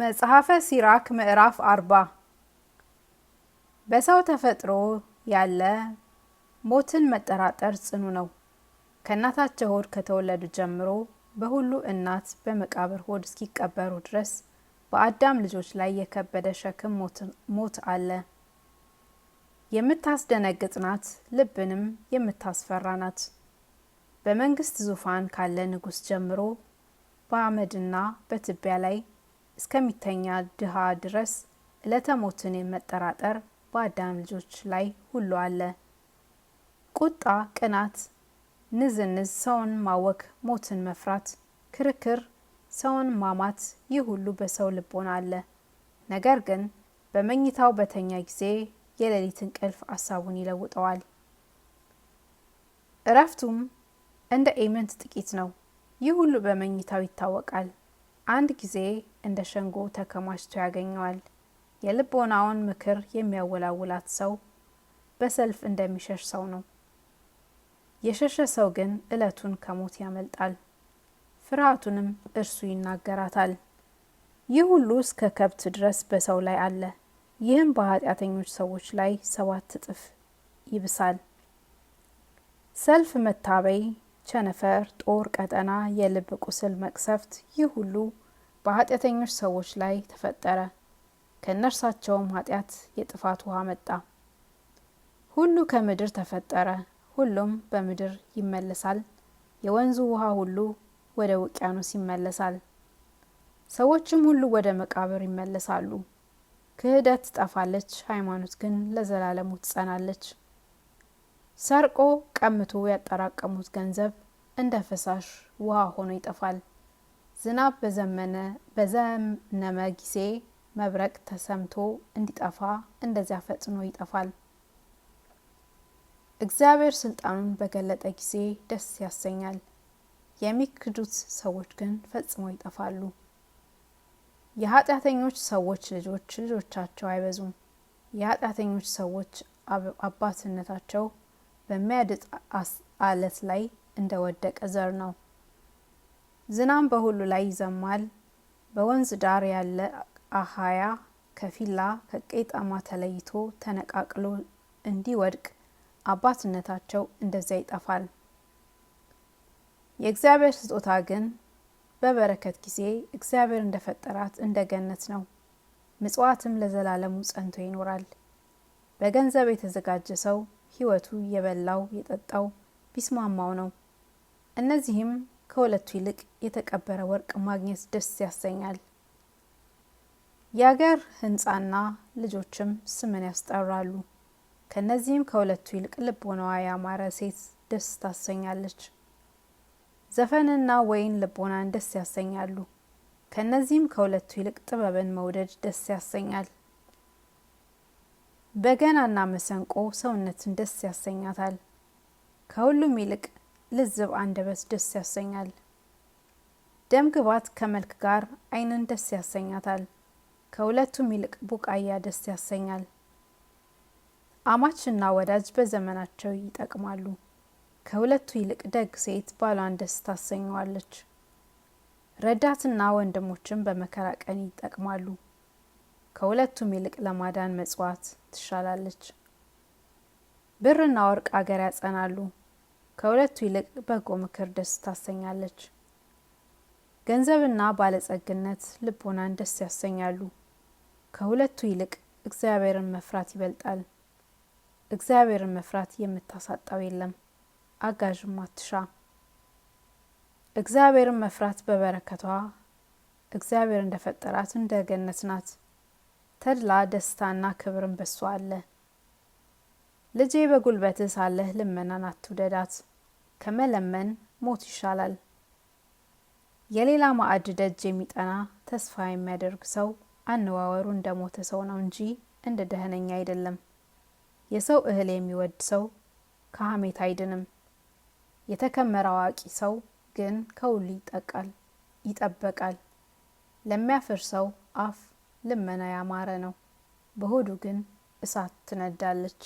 መጽሐፈ ሲራክ ምዕራፍ አርባ በሰው ተፈጥሮ ያለ ሞትን መጠራጠር ጽኑ ነው። ከእናታቸው ሆድ ከተወለዱ ጀምሮ በሁሉ እናት በመቃብር ሆድ እስኪቀበሩ ድረስ በአዳም ልጆች ላይ የከበደ ሸክም ሞት አለ። የምታስደነግጥ ናት፣ ልብንም የምታስፈራ ናት። በመንግስት ዙፋን ካለ ንጉሥ ጀምሮ በአመድና በትቢያ ላይ እስከሚተኛ ድሃ ድረስ ለተሞትን ሞትን መጠራጠር በአዳም ልጆች ላይ ሁሉ አለ። ቁጣ፣ ቅናት፣ ንዝንዝ፣ ሰውን ማወክ፣ ሞትን መፍራት፣ ክርክር፣ ሰውን ማማት፣ ይህ ሁሉ በሰው ልቦና አለ። ነገር ግን በመኝታው በተኛ ጊዜ የሌሊት እንቅልፍ አሳቡን ይለውጠዋል። እረፍቱም እንደ ኤመንት ጥቂት ነው። ይህ ሁሉ በመኝታው ይታወቃል። አንድ ጊዜ እንደ ሸንጎ ተከማችቶ ያገኘዋል። የልቦናውን ምክር የሚያወላውላት ሰው በሰልፍ እንደሚሸሽ ሰው ነው። የሸሸ ሰው ግን እለቱን ከሞት ያመልጣል፣ ፍርሃቱንም እርሱ ይናገራታል። ይህ ሁሉ እስከ ከብት ድረስ በሰው ላይ አለ። ይህም በኃጢአተኞች ሰዎች ላይ ሰባት እጥፍ ይብሳል። ሰልፍ መታበይ ቸነፈር፣ ጦር ቀጠና፣ የልብ ቁስል መቅሰፍት፣ ይህ ሁሉ በኃጢአተኞች ሰዎች ላይ ተፈጠረ። ከእነርሳቸውም ኃጢአት የጥፋት ውሃ መጣ። ሁሉ ከምድር ተፈጠረ፣ ሁሉም በምድር ይመለሳል። የወንዙ ውሃ ሁሉ ወደ ውቅያኖስ ይመለሳል። ሰዎችም ሁሉ ወደ መቃብር ይመለሳሉ። ክህደት ትጠፋለች፣ ሃይማኖት ግን ለዘላለሙ ትጸናለች። ሰርቆ ቀምቶ ያጠራቀሙት ገንዘብ እንደ ፈሳሽ ውሃ ሆኖ ይጠፋል። ዝናብ በዘመነ በዘነመ ጊዜ መብረቅ ተሰምቶ እንዲጠፋ እንደዚያ ፈጥኖ ይጠፋል። እግዚአብሔር ስልጣኑን በገለጠ ጊዜ ደስ ያሰኛል። የሚክዱት ሰዎች ግን ፈጽሞ ይጠፋሉ። የኃጢአተኞች ሰዎች ልጆች ልጆቻቸው አይበዙም። የኃጢአተኞች ሰዎች አባትነታቸው በሚያድጥ አለት ላይ እንደ ወደቀ ዘር ነው። ዝናም በሁሉ ላይ ይዘማል በወንዝ ዳር ያለ አህያ ከፊላ ከቄጠማ ተለይቶ ተነቃቅሎ እንዲወድቅ አባትነታቸው እንደዚያ ይጠፋል። የእግዚአብሔር ስጦታ ግን በበረከት ጊዜ እግዚአብሔር እንደፈጠራት እንደ ገነት ነው። ምጽዋትም ለዘላለሙ ጸንቶ ይኖራል። በገንዘብ የተዘጋጀ ሰው ህይወቱ የበላው የጠጣው ቢስማማው ነው። እነዚህም ከሁለቱ ይልቅ የተቀበረ ወርቅ ማግኘት ደስ ያሰኛል። የአገር ህንፃና ልጆችም ስምን ያስጠራሉ። ከእነዚህም ከሁለቱ ይልቅ ልቦናዋ ያማረ ሴት ደስ ታሰኛለች። ዘፈንና ወይን ልቦናን ደስ ያሰኛሉ። ከእነዚህም ከሁለቱ ይልቅ ጥበብን መውደድ ደስ ያሰኛል። በገናና መሰንቆ ሰውነትን ደስ ያሰኛታል። ከሁሉም ይልቅ ልዝብ አንደበት ደስ ያሰኛል። ደም ግባት ከመልክ ጋር አይንን ደስ ያሰኛታል። ከሁለቱም ይልቅ ቡቃያ ደስ ያሰኛል። አማችና ወዳጅ በዘመናቸው ይጠቅማሉ። ከሁለቱ ይልቅ ደግ ሴት ባሏን ደስ ታሰኘዋለች። ረዳትና ወንድሞችን በመከራ ቀን ይጠቅማሉ። ከሁለቱም ይልቅ ለማዳን መጽዋት ትሻላለች። ብርና ወርቅ አገር ያጸናሉ፣ ከሁለቱ ይልቅ በጎ ምክር ደስ ታሰኛለች። ገንዘብና ባለጸግነት ልቦናን ደስ ያሰኛሉ፣ ከሁለቱ ይልቅ እግዚአብሔርን መፍራት ይበልጣል። እግዚአብሔርን መፍራት የምታሳጣው የለም፣ አጋዥም አትሻ። እግዚአብሔርን መፍራት በበረከቷ እግዚአብሔር እንደፈጠራት እንደ ገነት ናት። ተድላ ደስታና ክብርን በሱ አለ። ልጄ በጉልበትህ ሳለህ ልመናን አትውደዳት፣ ከመለመን ሞት ይሻላል። የሌላ ማዕድ ደጅ የሚጠና ተስፋ የሚያደርግ ሰው አነዋወሩ እንደ ሞተ ሰው ነው እንጂ እንደ ደህነኛ አይደለም። የሰው እህል የሚወድ ሰው ከሀሜት አይድንም። የተከመረ አዋቂ ሰው ግን ከሁሉ ይጠቃል ይጠበቃል። ለሚያፍር ሰው አፍ ልመና ያማረ ነው፣ በሆዱ ግን እሳት ትነዳለች።